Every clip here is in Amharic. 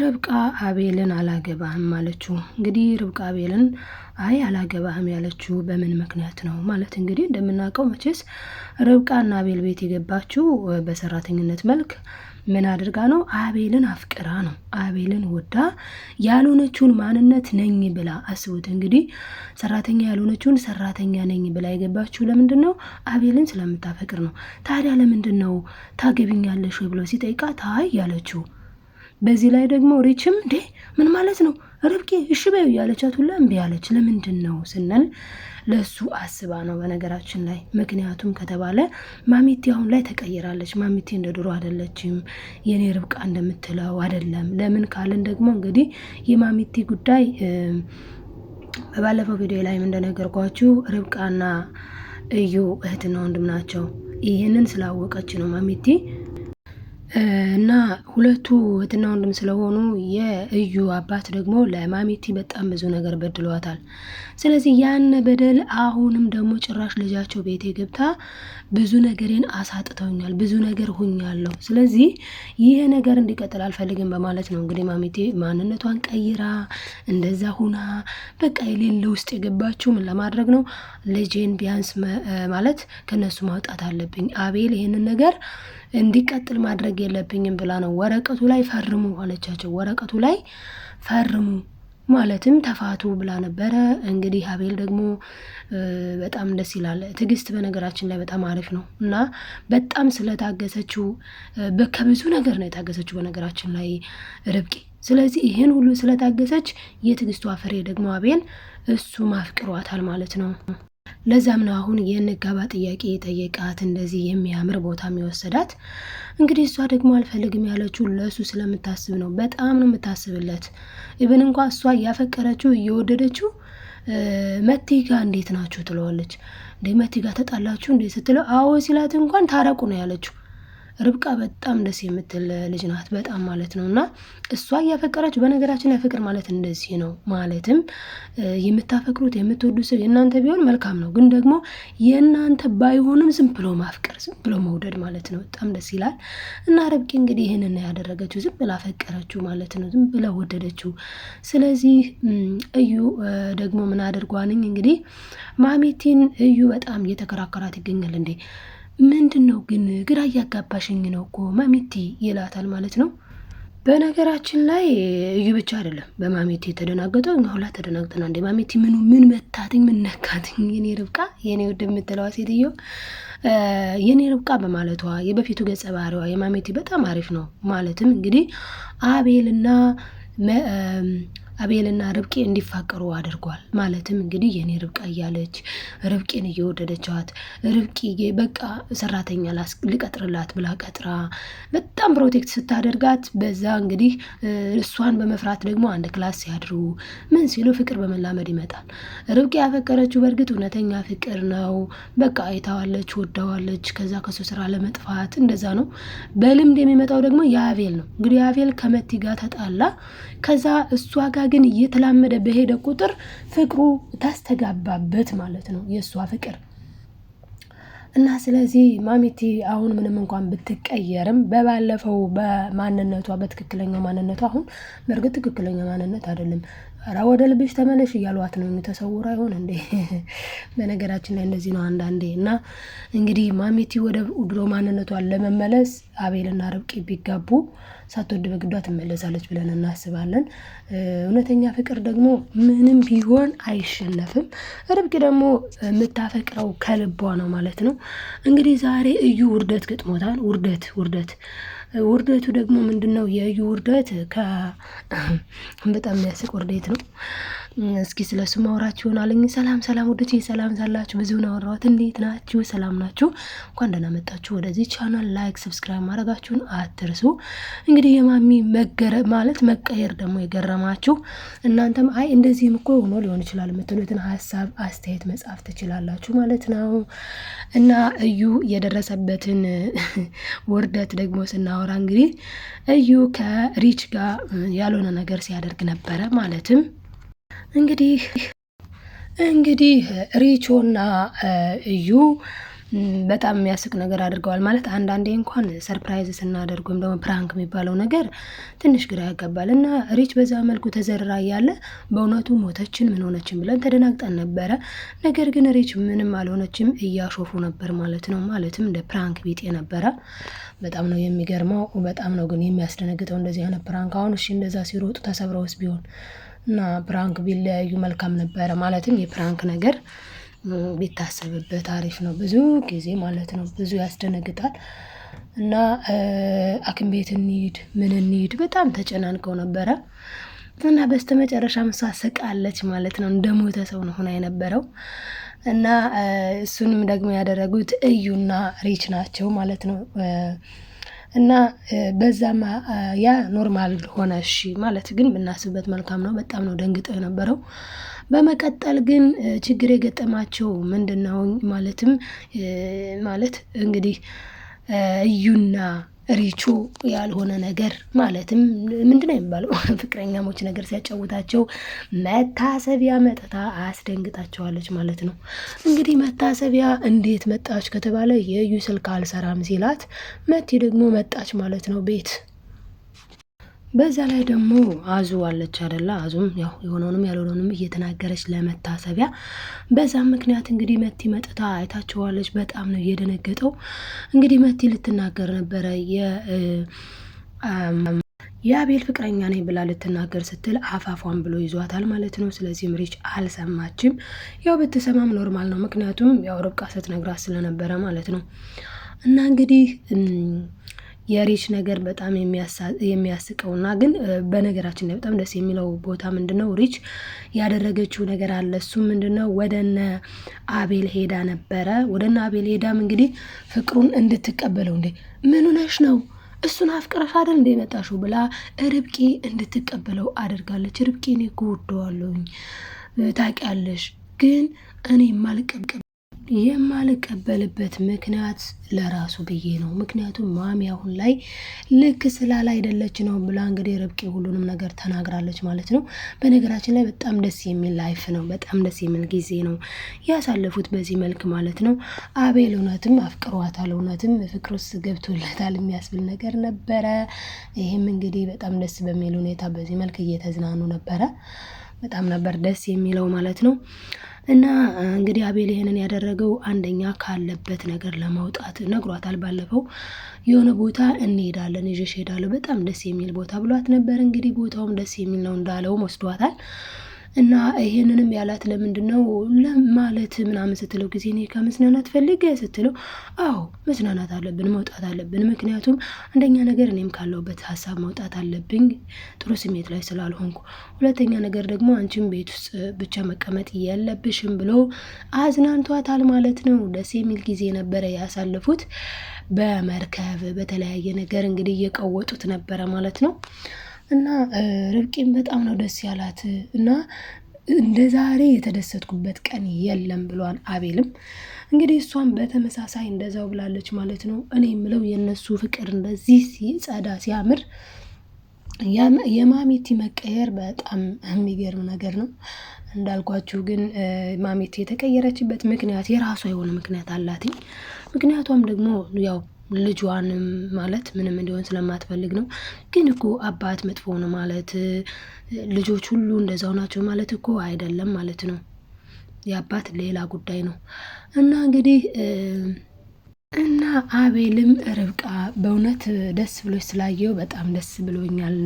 ርብቃ አቤልን አላገባህም ማለችው። እንግዲህ ርብቃ አቤልን አይ አላገባህም ያለችው በምን ምክንያት ነው ማለት እንግዲህ እንደምናውቀው መቼስ ርብቃና አቤል ቤት የገባችው በሰራተኝነት መልክ ምን አድርጋ ነው? አቤልን አፍቅራ ነው። አቤልን ወዳ ያልሆነችውን ማንነት ነኝ ብላ አስቡት እንግዲህ ሰራተኛ ያልሆነችውን ሰራተኛ ነኝ ብላ የገባችው ለምንድን ነው? አቤልን ስለምታፈቅር ነው። ታዲያ ለምንድን ነው ታገቢኛለሽ ወይ ብሎ ሲጠይቃት አይ ያለችው? በዚህ ላይ ደግሞ ሪችም እንዴ ምን ማለት ነው ርብቄ እሺ በዩ ያለቻት ሁላ እምቢ ያለች ለምንድን ነው ስንል ለሱ አስባ ነው በነገራችን ላይ ምክንያቱም ከተባለ ማሚቴ አሁን ላይ ተቀይራለች ማሚቴ እንደ ድሮ አይደለችም የኔ ርብቃ እንደምትለው አይደለም ለምን ካልን ደግሞ እንግዲህ የማሚቴ ጉዳይ በባለፈው ቪዲዮ ላይም እንደነገርኳችሁ ርብቃና እዩ እህትና ወንድም ናቸው ይህንን ስላወቀች ነው ማሚቴ እና ሁለቱ እህትና ወንድም ስለሆኑ የእዩ አባት ደግሞ ለማሚቲ በጣም ብዙ ነገር በድሏታል። ስለዚህ ያን በደል አሁንም ደግሞ ጭራሽ ልጃቸው ቤቴ ገብታ ብዙ ነገሬን አሳጥተውኛል፣ ብዙ ነገር ሁኛለሁ፣ ስለዚህ ይህ ነገር እንዲቀጥል አልፈልግም በማለት ነው እንግዲህ ማሚቴ ማንነቷን ቀይራ እንደዛ ሁና በቃ የሌለ ውስጥ የገባችው ምን ለማድረግ ነው? ልጄን ቢያንስ ማለት ከነሱ ማውጣት አለብኝ። አቤል ይህንን ነገር እንዲቀጥል ማድረግ የለብኝም ብላ ነው ወረቀቱ ላይ ፈርሙ አለቻቸው። ወረቀቱ ላይ ፈርሙ ማለትም ተፋቱ ብላ ነበረ። እንግዲህ አቤል ደግሞ በጣም ደስ ይላል። ትዕግስት በነገራችን ላይ በጣም አሪፍ ነው እና በጣም ስለታገሰችው ከብዙ ነገር ነው የታገሰችው በነገራችን ላይ ርብቃ። ስለዚህ ይህን ሁሉ ስለታገሰች የትዕግስቷ ፍሬ ደግሞ አቤል እሱ ማፍቅሯታል ማለት ነው። ለዛም ነው አሁን የንጋባ ጥያቄ የጠየቃት እንደዚህ የሚያምር ቦታ የሚወሰዳት እንግዲህ እሷ ደግሞ አልፈልግም ያለችው ለእሱ ስለምታስብ ነው። በጣም ነው የምታስብለት። ኢብን እንኳ እሷ እያፈቀረችው እየወደደችው መቲጋ እንዴት ናችሁ ትለዋለች። እንዴ መቲጋ ተጣላችሁ እንዴ ስትለው አዎ ሲላት እንኳን ታረቁ ነው ያለችው። ርብቃ በጣም ደስ የምትል ልጅ ናት፣ በጣም ማለት ነው። እና እሷ እያፈቀረች በነገራችን ላይ ፍቅር ማለት እንደዚህ ነው። ማለትም የምታፈቅሩት የምትወዱት ሰው የእናንተ ቢሆን መልካም ነው፣ ግን ደግሞ የእናንተ ባይሆንም ዝም ብሎ ማፍቀር፣ ዝም ብሎ መውደድ ማለት ነው። በጣም ደስ ይላል። እና ርብቃ እንግዲህ ይህንን ያደረገችው ዝም ብላ ፈቀረችው ማለት ነው፣ ዝም ብላ ወደደችው። ስለዚህ እዩ ደግሞ ምን አድርጓንኝ እንግዲህ ማሜቲን እዩ በጣም እየተከራከራት ይገኛል እንዴ ምንድን ነው ግን ግራ እያጋባሽኝ ነው እኮ ማሚቴ ይላታል ማለት ነው። በነገራችን ላይ እዩ ብቻ አይደለም በማሚቴ የተደናገጠው እኛ ሁላ ተደናግጠና፣ እንዴ ማሚቴ ምኑ ምን መታትኝ ምን ነካትኝ የኔ ርብቃ የኔ ውድ የምትለዋ ሴትዮ የኔ ርብቃ በማለቷ የበፊቱ ገጸ ባህሪዋ የማሚቴ በጣም አሪፍ ነው። ማለትም እንግዲህ አቤልና አቤልና ርብቄ እንዲፋቀሩ አድርጓል። ማለትም እንግዲህ የኔ ርብቃ እያለች ርብቃን እየወደደቻት ርብቃ በቃ ሰራተኛ ልቀጥርላት ብላ ቀጥራ በጣም ፕሮቴክት ስታደርጋት በዛ እንግዲህ እሷን በመፍራት ደግሞ አንድ ክላስ ሲያድሩ ምን ሲሉ ፍቅር በመላመድ ይመጣል። ርብቃ ያፈቀረችው በእርግጥ እውነተኛ ፍቅር ነው። በቃ አይታዋለች፣ ወዳዋለች። ከዛ ከሱ ስራ ለመጥፋት እንደዛ ነው። በልምድ የሚመጣው ደግሞ የአቤል ነው። እንግዲህ የአቤል ከመቲ ጋር ተጣላ። ከዛ እሷ ጋር ግን እየተላመደ በሄደ ቁጥር ፍቅሩ ታስተጋባበት ማለት ነው የእሷ ፍቅር እና ስለዚህ ማሚቲ አሁን ምንም እንኳን ብትቀየርም በባለፈው በማንነቷ በትክክለኛው ማንነቷ አሁን በእርግጥ ትክክለኛ ማንነት አይደለም ኧረ ወደ ልብሽ ተመለሽ እያሏት ነው። የሚተሰውሩ አይሆን እንዴ? በነገራችን ላይ እንደዚህ ነው አንዳንዴ። እና እንግዲህ ማሜቲ ወደ ድሮ ማንነቷን ለመመለስ አቤልና ርብቂ ቢጋቡ ሳትወድ በግዷ ትመለሳለች ብለን እናስባለን። እውነተኛ ፍቅር ደግሞ ምንም ቢሆን አይሸነፍም። ርብቃ ደግሞ የምታፈቅረው ከልቧ ነው ማለት ነው። እንግዲህ ዛሬ እዩ ውርደት ገጥሞታል። ውርደት ውርደት ውርደቱ ደግሞ ምንድን ነው? የእዩ ውርደት በጣም የሚያስቅ ውርደት ነው። እስኪ ስለ እሱ ማውራት ይሆናልኝ። ሰላም ሰላም ወዶች ሰላም ሳላችሁ ብዙውን አወራሁት። እንዴት ናችሁ? ሰላም ናችሁ? እንኳን ደህና መጣችሁ ወደዚህ ቻናል። ላይክ ሰብስክራይብ ማድረጋችሁን አትርሱ። እንግዲህ የማሚ መገረ ማለት መቀየር ደግሞ የገረማችሁ እናንተም አይ እንደዚህም እኮ ሆኖ ሊሆን ይችላል የምትሉትን ሀሳብ አስተያየት መጻፍ ትችላላችሁ ማለት ነው እና እዩ የደረሰበትን ውርደት ደግሞ ስናወራ እንግዲህ እዩ ከሪች ጋር ያልሆነ ነገር ሲያደርግ ነበረ ማለትም እንግዲህ እንግዲህ ሪቾና እዩ በጣም የሚያስቅ ነገር አድርገዋል። ማለት አንዳንዴ እንኳን ሰርፕራይዝ ስናደርግ ወይም ደግሞ ፕራንክ የሚባለው ነገር ትንሽ ግራ ያጋባል እና ሪች በዛ መልኩ ተዘርራ እያለ በእውነቱ ሞተችን ምን ሆነችን ብለን ተደናግጠን ነበረ። ነገር ግን ሪች ምንም አልሆነችም፣ እያሾፉ ነበር ማለት ነው። ማለትም እንደ ፕራንክ ቢጤ ነበረ። በጣም ነው የሚገርመው። በጣም ነው ግን የሚያስደነግጠው እንደዚህ አይነት ፕራንክ። አሁን እሺ እንደዛ ሲሮጡ ተሰብረውስ ቢሆን እና ፕራንክ ቢለያዩ መልካም ነበረ። ማለትም የፕራንክ ነገር ቢታሰብበት አሪፍ ነው። ብዙ ጊዜ ማለት ነው ብዙ ያስደነግጣል። እና አክም ቤት እንሂድ ምን እንሂድ በጣም ተጨናንቀው ነበረ። እና በስተመጨረሻም ምሳ ስቃለች ማለት ነው። እንደሞተ ሰው ነው ሆና የነበረው። እና እሱንም ደግሞ ያደረጉት እዩና ሪች ናቸው ማለት ነው። እና በዛማ ያ ኖርማል ሆነ። እሺ ማለት ግን ብናስብበት መልካም ነው። በጣም ነው ደንግጠው የነበረው። በመቀጠል ግን ችግር የገጠማቸው ምንድን ነው ማለትም ማለት እንግዲህ እዩና ሪቹ ያልሆነ ነገር ማለትም ምንድነው የሚባለው ፍቅረኛሞች ነገር ሲያጫውታቸው መታሰቢያ መጥታ አስደንግጣቸዋለች ማለት ነው። እንግዲህ መታሰቢያ እንዴት መጣች ከተባለ የዩ ስልክ አልሰራም ሲላት መቲ ደግሞ መጣች ማለት ነው ቤት በዛ ላይ ደግሞ አዙ አለች አደላ። አዙም ያው የሆነውንም ያልሆነውንም እየተናገረች ለመታሰቢያ። በዛም ምክንያት እንግዲህ መቲ መጥታ አይታችኋለች። በጣም ነው እየደነገጠው። እንግዲህ መቲ ልትናገር ነበረ የአቤል ፍቅረኛ ነኝ ብላ ልትናገር ስትል አፋፏን ብሎ ይዟታል ማለት ነው። ስለዚህ ምሪች አልሰማችም። ያው ብትሰማም ኖርማል ነው፣ ምክንያቱም ያው ርብቃ ስትነግራት ስለነበረ ማለት ነው እና እንግዲህ የሪች ነገር በጣም የሚያስቀውና ግን በነገራችን ላይ በጣም ደስ የሚለው ቦታ ምንድነው ሪች ያደረገችው ነገር አለ። እሱም ምንድነው ወደነ አቤል ሄዳ ነበረ። ወደነ አቤል ሄዳም እንግዲህ ፍቅሩን እንድትቀበለው እንዴ ምን ነሽ ነው እሱን አፍቅረሽ አይደል እንደ መጣሽው ብላ ርብቄ እንድትቀበለው አድርጋለች። ርብቄ እኔ እኮ ወደዋለሁኝ ታውቂያለሽ፣ ግን እኔ ማልቀብቀብ የማልቀበልበት ምክንያት ለራሱ ብዬ ነው። ምክንያቱም ማሚ አሁን ላይ ልክ ስላላ አይደለች ነው ብላ እንግዲህ ርብቃ ሁሉንም ነገር ተናግራለች ማለት ነው። በነገራችን ላይ በጣም ደስ የሚል ላይፍ ነው፣ በጣም ደስ የሚል ጊዜ ነው ያሳለፉት በዚህ መልክ ማለት ነው። አቤል እውነትም አፍቅሯታል፣ እውነትም ፍቅር ውስጥ ገብቶለታል የሚያስብል ነገር ነበረ። ይህም እንግዲህ በጣም ደስ በሚል ሁኔታ በዚህ መልክ እየተዝናኑ ነበረ። በጣም ነበር ደስ የሚለው ማለት ነው። እና እንግዲህ አቤል ይህንን ያደረገው አንደኛ ካለበት ነገር ለማውጣት ነግሯታል። ባለፈው የሆነ ቦታ እንሄዳለን ይዤሽ እሄዳለሁ በጣም ደስ የሚል ቦታ ብሏት ነበር። እንግዲህ ቦታውም ደስ የሚል ነው እንዳለውም ወስዷታል። እና ይሄንንም ያላት ለምንድን ነው ማለት ምናምን ስትለው ጊዜ እኔ ከመዝናናት ፈልገ ስትለው፣ አዎ መዝናናት አለብን፣ መውጣት አለብን። ምክንያቱም አንደኛ ነገር እኔም ካለውበት ሀሳብ መውጣት አለብኝ ጥሩ ስሜት ላይ ስላልሆንኩ፣ ሁለተኛ ነገር ደግሞ አንቺም ቤት ውስጥ ብቻ መቀመጥ የለብሽም ብሎ አዝናንቷታል ማለት ነው። ደስ የሚል ጊዜ ነበረ ያሳለፉት። በመርከብ በተለያየ ነገር እንግዲህ እየቀወጡት ነበረ ማለት ነው። እና ርብቃን በጣም ነው ደስ ያላት እና እንደ ዛሬ የተደሰትኩበት ቀን የለም ብሏል አቤልም። እንግዲህ እሷም በተመሳሳይ እንደዛው ብላለች ማለት ነው። እኔ የምለው የእነሱ ፍቅር እንደዚህ ሲጸዳ ሲያምር የማሜቲ መቀየር በጣም የሚገርም ነገር ነው። እንዳልኳችሁ ግን ማሜቲ የተቀየረችበት ምክንያት የራሷ የሆነ ምክንያት አላትኝ። ምክንያቷም ደግሞ ያው ልጇንም ማለት ምንም እንዲሆን ስለማትፈልግ ነው። ግን እኮ አባት መጥፎ ነው ማለት ልጆች ሁሉ እንደዛው ናቸው ማለት እኮ አይደለም ማለት ነው። የአባት ሌላ ጉዳይ ነው እና እንግዲህ እና አቤልም ርብቃ በእውነት ደስ ብሎች ስላየው በጣም ደስ ብሎኛል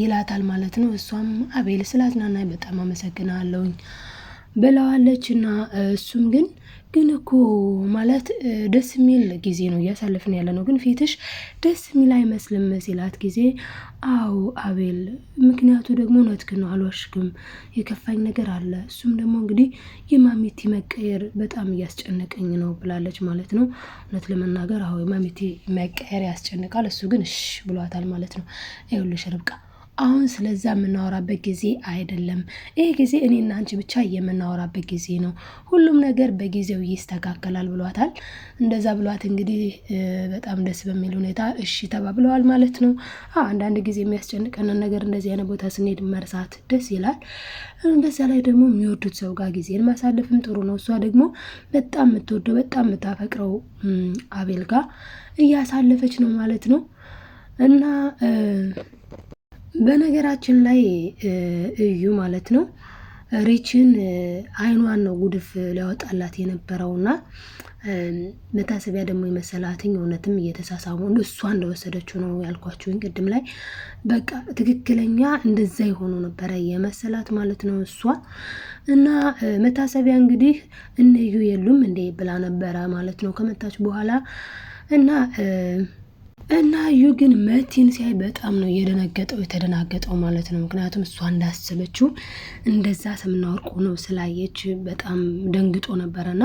ይላታል ማለት ነው። እሷም አቤል ስላዝናናኝ በጣም አመሰግናለሁኝ ብለዋለች እና እሱም ግን ግን እኮ ማለት ደስ የሚል ጊዜ ነው እያሳለፍን ያለ ነው፣ ግን ፊትሽ ደስ የሚል አይመስልም ሲላት ጊዜ አዎ አቤል፣ ምክንያቱ ደግሞ እውነትህ ነው፣ አልዋሽግም፣ የከፋኝ ነገር አለ። እሱም ደግሞ እንግዲህ የማሚቲ መቀየር በጣም እያስጨነቀኝ ነው ብላለች ማለት ነው። እውነት ለመናገር አዎ የማሚቲ መቀየር ያስጨንቃል። እሱ ግን እሽ ብሏታል ማለት ነው። ይኸውልሽ ርብቃ አሁን ስለዛ የምናወራበት ጊዜ አይደለም። ይሄ ጊዜ እኔና አንቺ ብቻ የምናወራበት ጊዜ ነው። ሁሉም ነገር በጊዜው ይስተካከላል ብሏታል። እንደዛ ብሏት እንግዲህ በጣም ደስ በሚል ሁኔታ እሺ ተባብለዋል ማለት ነው። አንዳንድ ጊዜ የሚያስጨንቀንን ነገር እንደዚህ አይነት ቦታ ስንሄድ መርሳት ደስ ይላል። በዛ ላይ ደግሞ የሚወዱት ሰው ጋር ጊዜን ማሳለፍም ጥሩ ነው። እሷ ደግሞ በጣም የምትወደው በጣም የምታፈቅረው አቤል ጋር እያሳለፈች ነው ማለት ነው እና በነገራችን ላይ እዩ ማለት ነው ሪችን አይኗን ነው ጉድፍ ሊያወጣላት የነበረውና መታሰቢያ ደግሞ የመሰላትኝ እውነትም እየተሳሳሙ እሷ እንደወሰደችው ነው ያልኳችሁኝ ቅድም ላይ በቃ ትክክለኛ እንደዛ የሆኑ ነበረ የመሰላት ማለት ነው እሷ እና መታሰቢያ እንግዲህ እነዩ የሉም እንዴ ብላ ነበረ ማለት ነው ከመጣች በኋላ እና እና እዩ ግን መቲን ሲያይ በጣም ነው የደነገጠው የተደናገጠው ማለት ነው። ምክንያቱም እሷ እንዳሰበችው እንደዛ ሰምና ወርቁ ነው ስላየች በጣም ደንግጦ ነበረና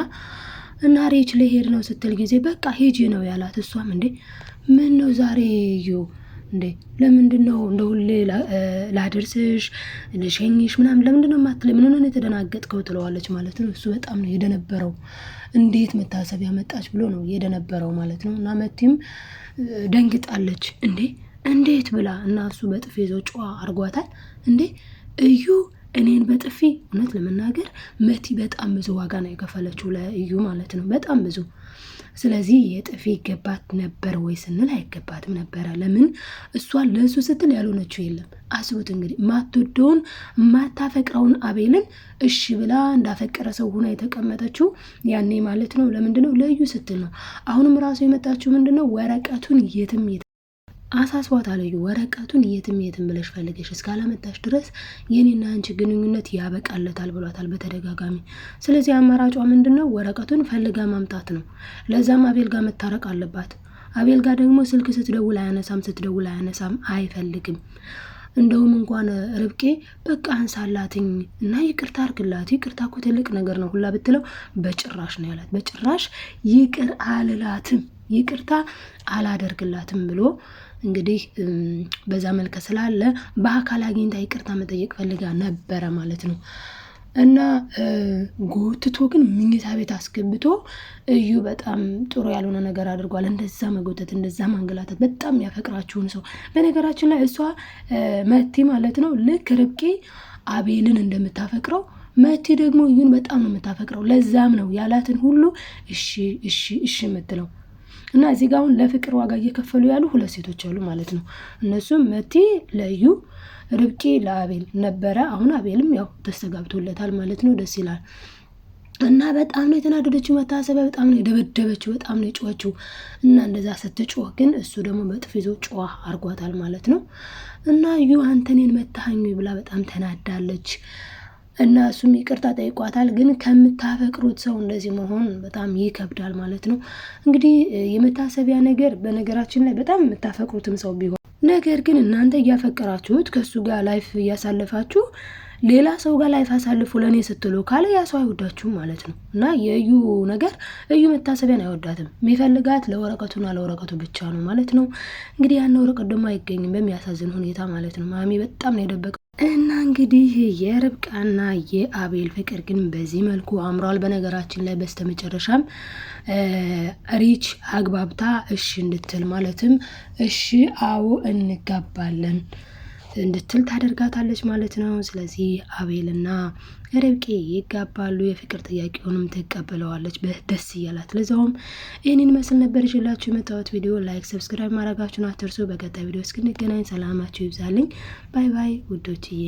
እና ሬች ልሄድ ነው ስትል ጊዜ በቃ ሂጂ ነው ያላት። እሷም እንዴ ምን ነው ዛሬ እዩ እንዴ ለምንድን ነው እንደ ሁሌ ላደርስሽ ልሸኝሽ ምናምን ለምንድን ነው ማትለ ምን ሆነ የተደናገጥከው? ትለዋለች ማለት ነው። እሱ በጣም ነው የደነበረው። እንዴት መታሰቢያ መጣች ብሎ ነው የደነበረው ማለት ነው። እና መቲም ደንግጣለች። እንዴ እንዴት ብላ እና እሱ በጥፊ ይዞ ጨዋ አርጓታል። እንዴ እዩ እኔን በጥፊ እውነት ለመናገር መቲ በጣም ብዙ ዋጋ ነው የከፈለችው ለእዩ ማለት ነው። በጣም ብዙ ስለዚህ የጥፊ ይገባት ነበር ወይ ስንል አይገባትም ነበረ። ለምን እሷን ለእሱ ስትል ያልሆነችው የለም። አስቡት እንግዲህ ማትወደውን ማታፈቅረውን አቤልን እሺ ብላ እንዳፈቀረ ሰው ሁና የተቀመጠችው ያኔ ማለት ነው። ለምንድነው ለዩ ስትል ነው። አሁንም ራሱ የመጣችው ምንድነው ወረቀቱን የትም አሳስዋት አለዩ ወረቀቱን የትም የትም ብለሽ ፈልገሽ እስካላመጣሽ ድረስ የኔና አንቺ ግንኙነት ያበቃለታል ብሏታል በተደጋጋሚ። ስለዚህ አማራጯ ምንድን ነው? ወረቀቱን ፈልጋ ማምጣት ነው። ለዛም አቤል ጋር መታረቅ አለባት። አቤል ጋር ደግሞ ስልክ ስትደውል አያነሳም፣ ስትደውል አያነሳም፣ አይፈልግም። እንደውም እንኳን ርብቄ በቃ አንሳላትኝ እና ይቅርታ አርግላት፣ ይቅርታ እኮ ትልቅ ነገር ነው ሁላ ብትለው በጭራሽ ነው ያላት። በጭራሽ ይቅር አልላትም፣ ይቅርታ አላደርግላትም ብሎ እንግዲህ በዛ መልከ ስላለ በአካል አግኝታ ይቅርታ መጠየቅ ፈልጋ ነበረ ማለት ነው። እና ጎትቶ ግን ምኝታ ቤት አስገብቶ እዩ በጣም ጥሩ ያልሆነ ነገር አድርጓል። እንደዛ መጎተት፣ እንደዛ ማንገላታት በጣም ያፈቅራችሁን ሰው በነገራችን ላይ እሷ መቲ ማለት ነው ልክ ርብቂ አቤልን እንደምታፈቅረው መቲ ደግሞ እዩን በጣም ነው የምታፈቅረው። ለዛም ነው ያላትን ሁሉ እሺ እሺ እሺ የምትለው። እና እዚህ ጋር አሁን ለፍቅር ዋጋ እየከፈሉ ያሉ ሁለት ሴቶች አሉ ማለት ነው። እነሱም መቲ ለዩ፣ ርብቃ ለአቤል ነበረ። አሁን አቤልም ያው ተስተጋብቶለታል ማለት ነው። ደስ ይላል። እና በጣም ነው የተናደደችው መታሰቢያ፣ በጣም ነው የደበደበችው፣ በጣም ነው የጮኸችው። እና እንደዛ ስትጮህ ግን እሱ ደግሞ በጥፍ ይዞ ጮዋ አርጓታል ማለት ነው። እና እዩ አንተኔን መታኝ ብላ በጣም ተናዳለች። እና እሱም ይቅርታ ጠይቋታል። ግን ከምታፈቅሩት ሰው እንደዚህ መሆን በጣም ይከብዳል ማለት ነው። እንግዲህ የመታሰቢያ ነገር በነገራችን ላይ በጣም የምታፈቅሩትም ሰው ቢሆን ነገር ግን እናንተ እያፈቀራችሁት ከእሱ ጋር ላይፍ እያሳለፋችሁ ሌላ ሰው ጋር ላይፍ አሳልፉ ለእኔ ስትሉ ካለ ያ ሰው አይወዳችሁም ማለት ነው። እና የእዩ ነገር እዩ መታሰቢያን አይወዳትም። የሚፈልጋት ለወረቀቱና ለወረቀቱ ብቻ ነው ማለት ነው። እንግዲህ ያን ወረቀት ደግሞ አይገኝም በሚያሳዝን ሁኔታ ማለት ነው። ማሚ በጣም ነው የደበቀ እና እንግዲህ የርብቃና የአቤል ፍቅር ግን በዚህ መልኩ አምሯል። በነገራችን ላይ በስተመጨረሻም ሪች አግባብታ እሺ እንድትል ማለትም እሺ አዎ እንጋባለን እንድትል ታደርጋታለች ማለት ነው። ስለዚህ አቤልና ረብቄ ይጋባሉ። የፍቅር ጥያቄውንም ትቀበለዋለች ደስ እያላት። ለዛውም ይህንን መስል ነበር ይችላችሁ የመጣሁት ቪዲዮ። ላይክ፣ ሰብስክራይብ ማድረጋችሁን አትርሱ። በቀጣይ ቪዲዮ እስክንገናኝ ሰላማችሁ ይብዛልኝ። ባይ ባይ ውዶችዬ።